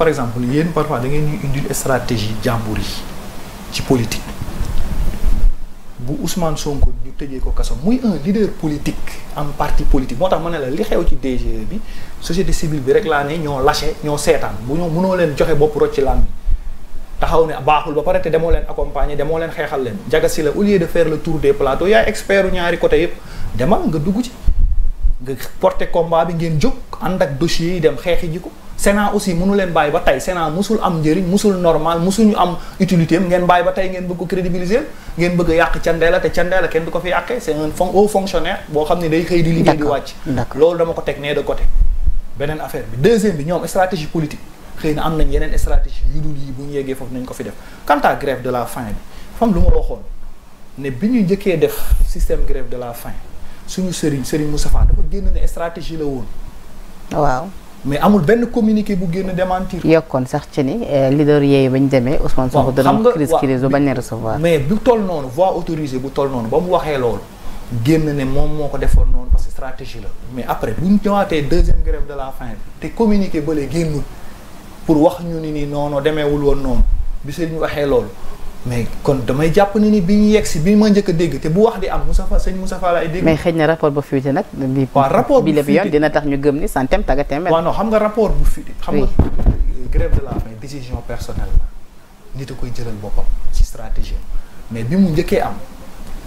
par exemple yéen parfois da ngeen ñu indil stratégie jàmbur yi ci politique bu Ousmane Sonko ñu tëjee ko kaso muy un leader politique am parti politique moo tax ma ne la li xew ci DGE bi société civile bi rek laa ne ñoo lâché ñoo seetaan bu ñoo mënoo leen joxe bopp rocc ci lan taxaw ne baaxul ba pare te demoo leen accompagner demoo leen xeexal leen jaga si la au lieu de faire le tour des plateaux yaay expert ñaari côté yëpp demal nga dugg ci nga porté combat bi ngeen jóg ànd ak dossier yi dem xeexi ji ko Sénat aussi mënu leen bàyyi ba tey Sénat musul am njëriñ musul normal musuñu am utilité ngeen bàyyi ba tey ngeen bëgg ko crédibiliser ngeen bëgg yàq candeela te candeela kenn du ko fi yàqee c'est un haut fonctionnaire boo xam ne day xëy di liggéey di wàcc loolu dama ko teg nee de côté beneen affaire bi deuxième bi ñoom stratégie politique xëy na am nañ yeneen stratégie yu dul yi bu ñu yeggee foofu nañ ko fi def quant à de la faim bi fam lu ma waxoon ne bi ñu njëkkee def système grève de la faim suñu sëriñ sëriñ Moustapha dafa génn ne stratégie la woon mais amul benn communiqué bu génn démentir. yokkoon sax ci ni euh, leader yooyu ba ñu demee Ousmane Sonko da doon crise crise bañ a mais bu toll noonu voix autorisée bu toll noonu ba mu waxee loolu. génn ne moom moo ko defoon noonu parce que stratégie la mais après bu ñu ñëwaatee deuxième grève de la faim te communiqué bële génnul pour wax ñu ni nii noonu demeewul woon noonu bi ñu waxee loolu mais kon damay jàpp ni ni bi ñu yegg si bi ma njëkk dégg te bu wax di am Moustapha sëñ Moustapha laay dégg mais xëy na rapport bu fuité nag bi waaw rapport bi la bi tax ñu gëm ni santem tagatem waaw non xam nga rapport bu fuité xam nga la faim décision personnelle la nit a koy jëlal boppam ci stratégie mais bi mu njëkkee am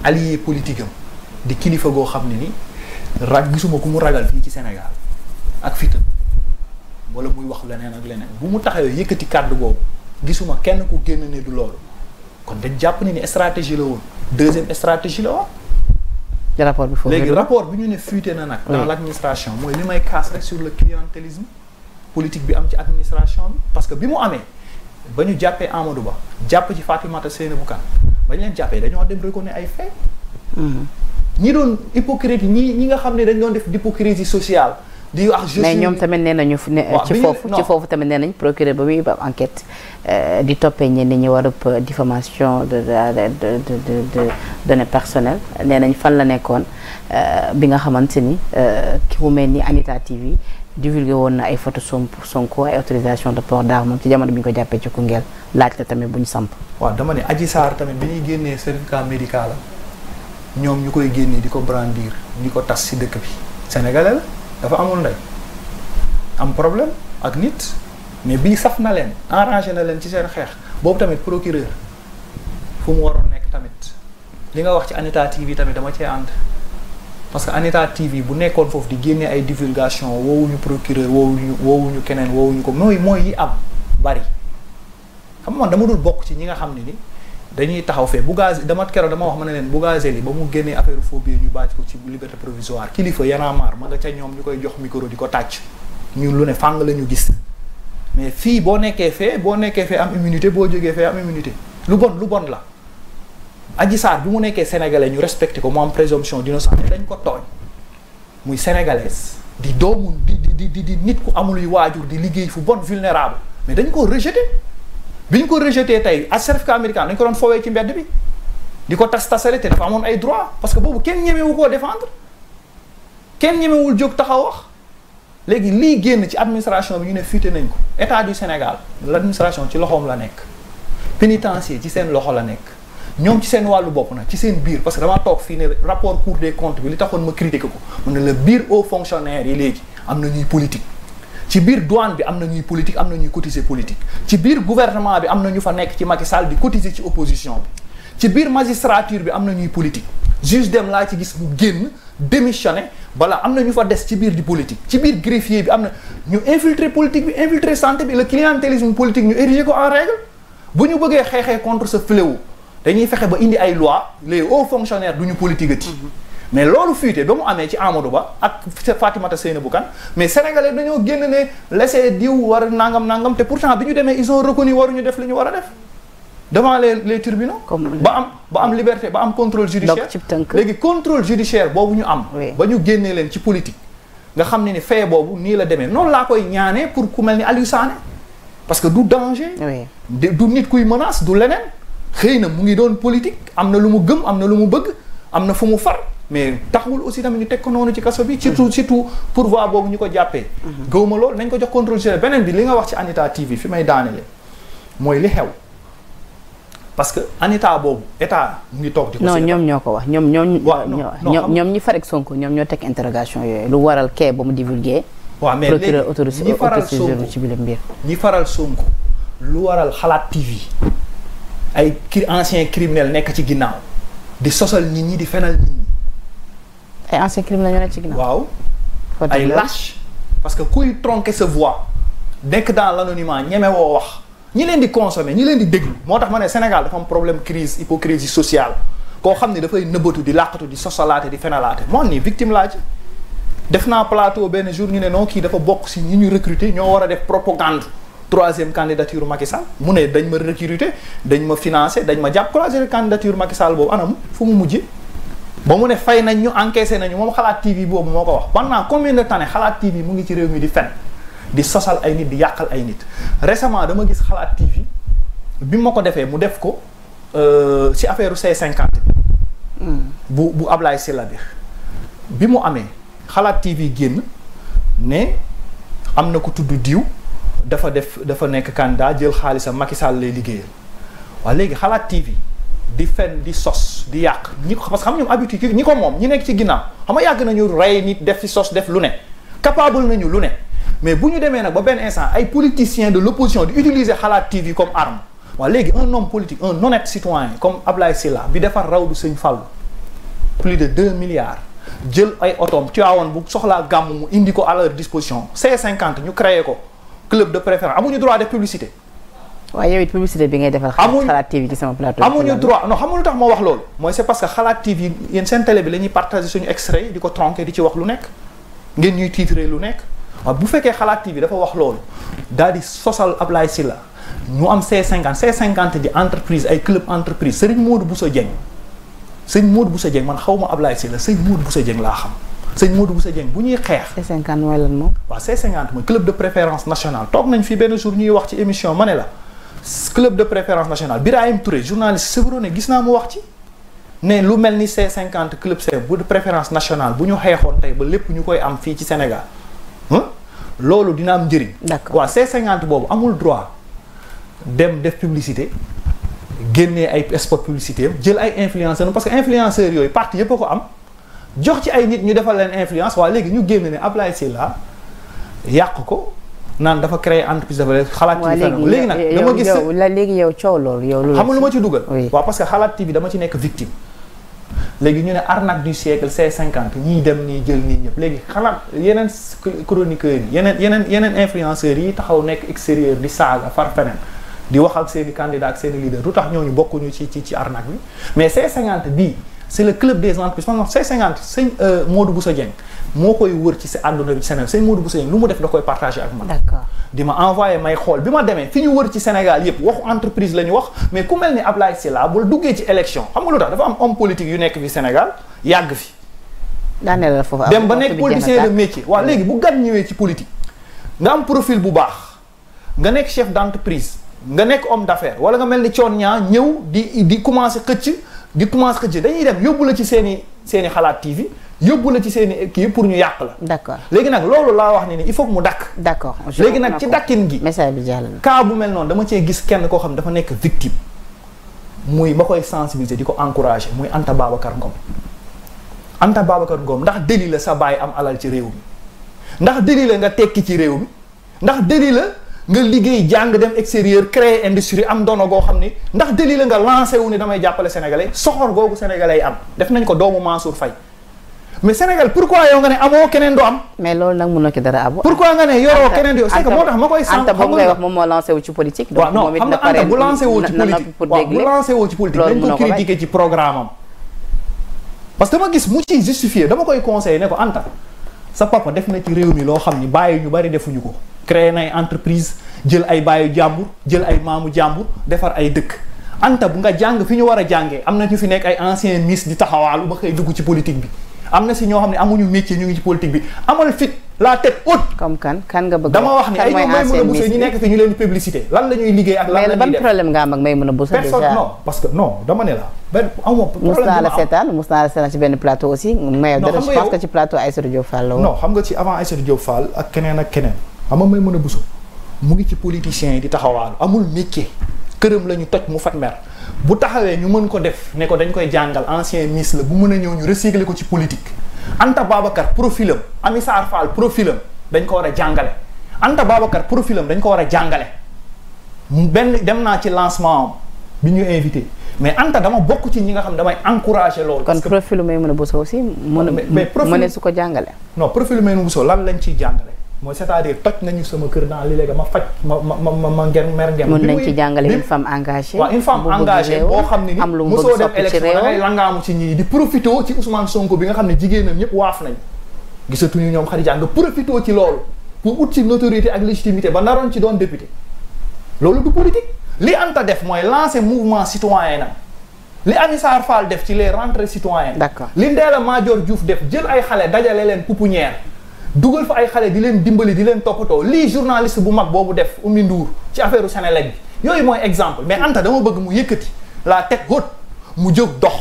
allié politique di kilifa goo xam ne ni rag gisuma ku mu ragal fii ci Sénégal ak fitam wala muy wax leneen ak leneen bu mu taxawee yëkkati kàddu boobu gisuma kenn ku génn ne du loolu kon dañ jàpp ne ni stratégie la woon deuxième stratégie la woon. rapport bi foofu léegi rapport bi ñu ne fuité na nag. dans l' mooy li may kaas rek sur le clientélisme politique bi am ci administration bi parce que bi mu amee ba ñu jàppee Amadou Ba jàpp ci Fatimata Seynabou Kane ba ñu leen jàppee dañoo dem reconnaître ay faits. Mm-hmm. ñi doon hypocrite ñi ñi nga xam ne dañ doon def d' hypocrisie sociale. di wax mais ñoom tamit nee nañu ci foofu ci foofu tamit nee nañ procureur ba muy ba enquête euh, di toppee ñenn ñi war warub euh, diffamation de de de de données personnelles nee nañ fan la nekkoon euh, bi nga xamante ni ki mu mel ni yi di divulgué woon na ay photo Sonko ay autorisation de port d'arme ci jamono bi ñu ko jàppee ci Koungheul laaj la tamit bu ñu samp waaw dama ne Adji Sarr tamit bi ñuy génnee certificat médical am ñoom ñu koy génnee di ko brandir di ko tas si dëkk bi sénégalais dafa amoon ndey am problème ak nit mais bii saf na leen arrangé na leen ci seen xeex boobu tamit procureur fu mu waroon nekk tamit li nga wax ci Anita TV tamit dama cee end parce que Anita TV bu nekkoon foofu di génne ay divulgation woowuñu procureur woowuñu woowuñu keneen woowuñu ko mooy mooy yi am bari xam man dama dul bokk ci ñi nga xam ne ni dañuy taxaw fee bu gaz dama keroog dama wax ma ne leen bu gazeli ba mu génnee affaire phobie ñu bàcc ko ci liberté provisoire kilifa yanaamaar ma nga ca ñoom ñu koy jox micro di ko tàcc ñun lu ne fàng la ñu gis mais fii boo nekkee fee boo nekkee fee am immunité boo jógee fee am immunité lu bon lu bon la Adji Sarr bi mu nekkee sénégalais ñu respecté ko mu am présomption d'innocence dañ ko tooñ muy sénégalaise di doomu di di di di nit ku amuluy waajur di liggéey fu bon vulnérable mais dañ ko rejeté bi ñu ko rejeté tey ak certificat américain dañ ko doon foowee ci mbedd bi di ko tas tasare te dafa amoon ay droit parce que boobu kenn ñemewu koo défendre kenn ñemewul jóg taxaw léegi lii génn ci administration bi ñu ne fuité nañ ko état du Sénégal l' ci loxoom la nekk pénitencier ci seen loxo la nekk ñoom ci seen wàllu bopp na ci seen biir parce que dama toog fii ne rapport cour des comptes bi li taxoon ma critiqué ko mu ne la yi léegi am na ñuy politique ci biir douane bi am na ñuy politique am na ñuy cotiser politique ci biir gouvernement bi am na ñu fa nekk ci Macky Sall di cotiser ci opposition bi ci biir magistrature bi am na ñuy politique juge dem laa ci gis mu génn démissionné bala am na ñu fa des ci biir di politique ci biir greffier bi am na ñu infiltrer politique bi infiltrer santé bi le clientélisme politique ñu érigé ko en règle bu ñu bëggee xeexee contre ce fléau dañuy fexe ba indi ay loi les hauts fonctionnaires du ñu politique ati mais loolu fuité ba mu amee ci Amadou Ba ak Fatimata bu kan mais sénégalais dañoo génn ne laissé diw war nangam nangam te pourtant bi ñu demee ils ont war ñu def li ñu war a def devant les les tribunaux ba am ba am liberté ba am contrôle judiciaire léegi contrôle judiciaire boobu ñu am ba ñu génnee leen ci politique nga xam ne ni fee boobu nii la demee noonu laa koy ñaanee pour ku mel ni Aliou Sané parce que du danger du nit kuy menace du leneen xëy na mu ngi doon politique am na lu mu gëm am na lu mu bëgg am na fu mu far mais taxawul aussi tamit ñu teg ko noonu ci kaso bi. surtout surtout pourvoi boobu ñu ko jàppee. Mhm. gëwuma loolu nañ ko jox contrôle judiciaire beneen bi li nga wax ci Anita TV fi may daanele mooy li xew. parce que Anita boobu état mu ngi toog di ko. non ñoom ñoo ko wax ñoom ñoom. ñoom ñoom ñi farek Sonko ñoom ñoo teg interrogation yooyu lu waral kee ba mu divulgué. waaw mais léegi ñi faral Sonko ci biir mbir. ñi faral Sonko lu waral xalaat TV ay ancien criminel nekk ci ginnaaw di sosal nit ñi di fenal nit ay ancien crime la ñu ne ci ginnaaw. waaw ay lâche parce que kuy tronquer sa voix nekk dans l'anonymat ñeme woo wax ñi leen di consommer ñi leen di déglu moo tax ma ne Sénégal dafa am problème crise hypocrisie sociale koo xam ne dafay nëbbatu di làqatu di sosalaate di fenalaate moom nii victime laa ci def naa plateau benn jour ñu ne non kii dafa bokk si ñu ñu recruter ñoo war a def propagande troisième candidature Macky Sall mu ne dañ ma recruter dañ ma financer dañ ma jàpp troisième candidature Macky Sall anam fu mu ba mu ne fay nañ ñu encaissé nañu moom xalaat TV boobu moo ko wax pendant combien de temps xalaat TV mu ngi ci réew mi di fen di sosal ay nit di yàqal ay nit récemment dama gis xalaat TV bi ma ko defee mu def ko euh, ci affaire C50 bi. Hmm. bu bu Ablaye Sylla bi mu amee xalaat TV génn ne am na ko tudd diw dafa def dafa nekk candidat jël xaalisam Macky Sall lay liggéeyal waaye léegi xalaat TV. di fen di sos di yàq ñi ko parce que xam ñoom habitude ñi ko moom ñi nekk ci ginnaaw xam nga nañu rey nit def fi sos def lu ne capable nañu lu ne mais bu ñu demee nag ba benn instant ay politiciens de l'opposition di utiliser Xalaat TV comme arme waa léegi un homme politique un honnête citoyen comme Ablaye Sylla bi defar rawdu Sëñ Fallu plus de deux milliards jël ay otoom Tiwaawoon bu soxlaa gàmm mu indi ko à leur disposition C50 ñu créé ko club de préférence amuñu droit de waaye yow it publicité bi ngay defal. xalaat TV ci sama plateau. amuñu droit non xamuñu tax moo wax loolu. mooy c'est parce que xalaat TV di ko tronqué di ci wax lu nekk ngeen ñuy titré lu nekk waaw bu fekkee xalaat TV dafa wax loolu daal di sosal Ablaye Sylla ñu am C50 C50 di entreprise ay club entreprise Serigne Modou Bousso Dieng sëñ Modou Bousso Dieng man xaw ma Ablaye Sylla sëñ Modou Bousso Dieng laa xam. sa Modou Boussa bu ñuy xeex. C50 mooy lan moom. waaw C50 mooy club de préférence nationale toog nañ fi benn jour ñuy wax ci émission ma ne la. club de préférence nationale Birahim Touré journaliste Sevroné gis naa mu wax ci ne lu mel ni C50 club C bu de préférence nationale bu ñu xeexoon tey ba lépp ñu koy am fii ci Sénégal loolu dina am njëriñ. d'accord waaw C50 boobu amul droit dem def publicité génnee ay spot publicité jël ay influenceurs parce que influenceurs yooyu parti yëpp a ko am jox ci ay nit ñu defal leen influence waa léegi ñu génn ne Ablaye Sylla yàq ko. naan dafa créer entreprise de valeur xalaat TV léegi nag dama gis la léegi yow coow loolu yow lu xam nga lu ma ci dugal waaw parce xalaat TV dama ci nekk victime léegi ñu ne arnaque du siècle c'est cinquante ñiy dem nii jël nii ñëpp léegi xalaat yeneen chroniqueurs yi yeneen yeneen yeneen influenceurs yi taxaw nekk extérieur di saaga far feneen di wax ak seen i candidat ak seen leader lu tax ñooñu bokkuñu ci ci ci arnaque bi mais c'est cinquante bii c'est le club des entreprises par exemple C50 sëñ euh, Modou Bousso Dieng moo koy wër ci sa àdduna bi ci Sénégal sëñ Modou Bousso Dieng lu mu def da koy partagé ak man. d'accord di ma envoyé may xool bi ma demee fi ñu wër ci Sénégal yépp waxu entreprise la ñu wax mais ku mel ni Ablaye Sylla bul duggee ci élection xam nga lu tax dafa am homme politique yu nekk fi Sénégal yàgg fi. daaneel la foofu dem ba nekk politicien de métier waaw léegi bu gan ñëwee ci politique nga am profil bu baax nga nekk chef d'entreprise nga nekk homme d'affaires wala nga mel ni coon ñaa ñëw di di commencer xëcc di commence que ci dañuy dem yóbbu la ci seen i seen xalaat TV yóbbu la ci seen i pour ñu yàq la. d'accord léegi nag loolu laa wax ne ni il faut que mu dakk. d'accord léegi nag ci dakkin gi. message bi jàll na mel noonu dama cee gis kenn koo xam ne dafa nekk victime muy ma koy sensibiliser di ko encourager muy Anta Babacar Ngom Anta Babacar Ngom ndax déli la sa baay am alal ci réew mi ndax déli la nga tekki ci réew mi ndax déli la. nga liggéey jàng dem extérieur créer industrie am dono goo xam ni ndax deli la nga lancé wu ni damay jàppale sénégalais soxor googu sénégalais yi am def nañ ko doomu Mansour Faye mais Sénégal pourquoi yow nga ne amoo keneen doo am. mais loolu nag mënoo ci dara abu. pourquoi nga ne yoroo keneen yow koy. sànq xam nga moom moo lancé wu ci politique. donc moom it na pare bu lancé ci politique bu lancé ci politique dañ ko parce que dama gis mu ciy justifier dama koy conseiller ko Anta sa papa def na ci réew mi loo xam ni bàyyi ñu bari defuñu ko créé ay entreprise jël ay baayu jàmbur jël ay maamu jàmbur defar ay dëkk anta bu nga jàng fi ñu war a jànge am na ñu fi nekk ay ancien miss di taxawaalu ba xëy dugg ci politique bi am na si ñoo xam ne amuñu métier ñu ngi ci politique bi amal fit la tête haute. comme kan kan nga bëgg dama wax ni ay ñoom Maimouna Bousso ñu nekk fi ñu leen di publicité lan la ñuy liggéey ak la ñuy def parce que non dama ne la benn amoo mus naa la seetaan mus naa la seetaan ci benn plateau aussi mais dara je que ci plateau Aïssatou Diop Fall la non xam nga ci avant Aïssatou Diop Fall ak keneen xam nga may mën a busu mu ngi ci politiciens yi di taxawaalu amul métier këram la ñu toj mu fat mer bu taxawee ñu mën ko def ne ko dañ koy jàngal ancien ministre bu mën a ñëw ñu recycler ko ci politique Anta Babacar profilam Ami Sarr Fall profilam dañ ko war a jàngale Anta Babacar profilam dañ ko war a jàngale benn dem naa ci lancement am bi ñu invité mais Anta dama bokk ci ñi nga xam damay encouragé loolu. parce que kon profilu Maimouna Bousso aussi. mën mais profil su ko jàngale. non profilu Maimouna Bousso lan lañ ciy jàngale. mooy c'est-à-dire toj nañu sama kër dans l'illégal ma faj ma ma ma ma ngeen mer ngeen. mën nañ ci jàngale une femme engagée. waaw une femme engagée boo xam ne ni mosoo dem élection da ngay langaamu ci ñii di profité ci Ousmane Sonko bi nga xam ne jigéenam ñëpp waaf nañ gisatuñu ñoom Khadija nga profité ci loolu pour ut ci notoriété ak légitimité ba naroon ci doon député loolu du politique li Anta def mooy lancer mouvement citoyen na li Anissar Fall def ci les rentrées citoyennes. d'accord li Ndella Madior Diouf def jël ay xale dajale leen pouponnière dugal fa ay xale di leen dimbali di leen toppatoo lii journaliste bu mag boobu def Oumy Ndour ci affaire Senelec bi yooyu mooy exemple mais Anta dama bëgg mu yëkkati laa teg haute mu jóg dox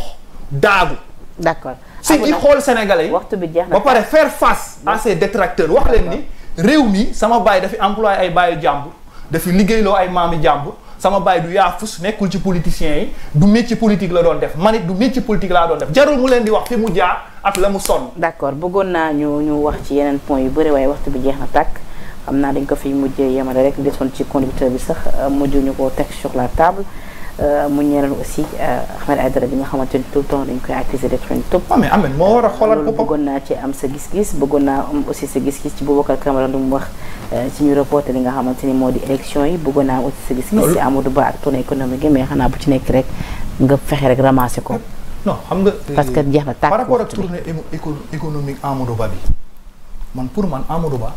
daagu. d'accord si di xool sénégalais waxtu bi jeex na ba pare faire face à ces détracteurs wax leen ni réew mi sama baay dafi employé ay baayu jàmbur dafi liggéeyloo ay maami jàmbur sama baay du yaafus nekkul ci politiciens yi du métier politique la doon def man it du métier politique laa doon def jarul mu leen di wax fi mu jaar ak la mu sonn. d'accord bëggoon naa ñu ñu wax ci yeneen point yu bëri waaye waxtu bi jeex na tàkk xam naa dañ ko fiy mujjee yemale rek desoon ci conducteur bi sax euh, mujj ñu ko teg sur la table. Euh, mu ñeeral aussi euh, Ahmed Aïdara bi nga xamante ni tout le temps dañ koy accuser d'être une taupe. Ah, moo war a xoolal boppam bëggoon naa am sa gis-gis bëggoon naa am aussi sa gis-gis ci Boubacar mu wax. Eh, suñu reporté li nga xamante ni moo di élection yi bëggoon naa aussi sa gis-gis si Amadou Ba ak tournée économique yi mais xanaa bu ci nekk rek nga fexe rek ramassé ko. non xam nga. parce que euh, jeex na tàkk par rapport ak tournée économique Amadou Ba bi man pour man Amadou Ba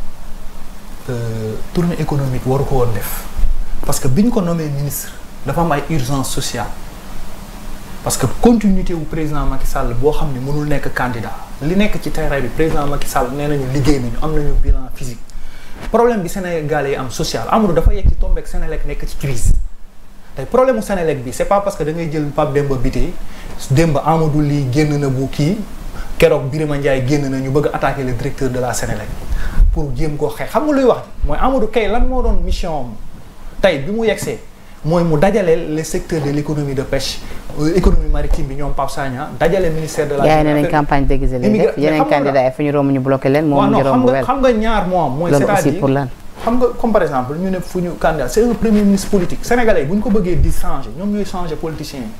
euh, tournée économique waru ko woon def parce que bi ñu ko nommé ministre dafa am ay urgence sociale parce que continuité wu président Macky Sall boo xam ne mënul nekk candidat li nekk ci terrain bi président Macky Sall nee nañu liggéey nañu am nañu bilan physique. problème bi Sénégalais yi am social Amadou dafa yegg ci tombeek Sénélec nekk ci crise tey problème mu bi c'est pas parce que da ngay jël Pape bi Bitèye démb Amadou lii génn na bu kii keroog Birima Ndiaye génn na ñu bëgg a attaquer directeur de la Sénélec pour jéem koo xeex xam nga luy wax mooy Amadou Kay lan moo doon mission tey bi mu yegsee mooy mu dajale le secteurs de l' économie de pêche euh, économie maritime bi ñoom Pape Sagna dajale ministère de la. yaa ngi ne campagne déguisée lañ def yeneen candidat fu ñu romb ñu bloqué leen. moom ñu romb wel xam nga ñaar moom am. mooy c' xam nga comme par exemple ñu ne fu ñu candidat c' un premier ministre politique sénégalais bu ñu ko bëggee di changer ñoom ñooy changer politicien yi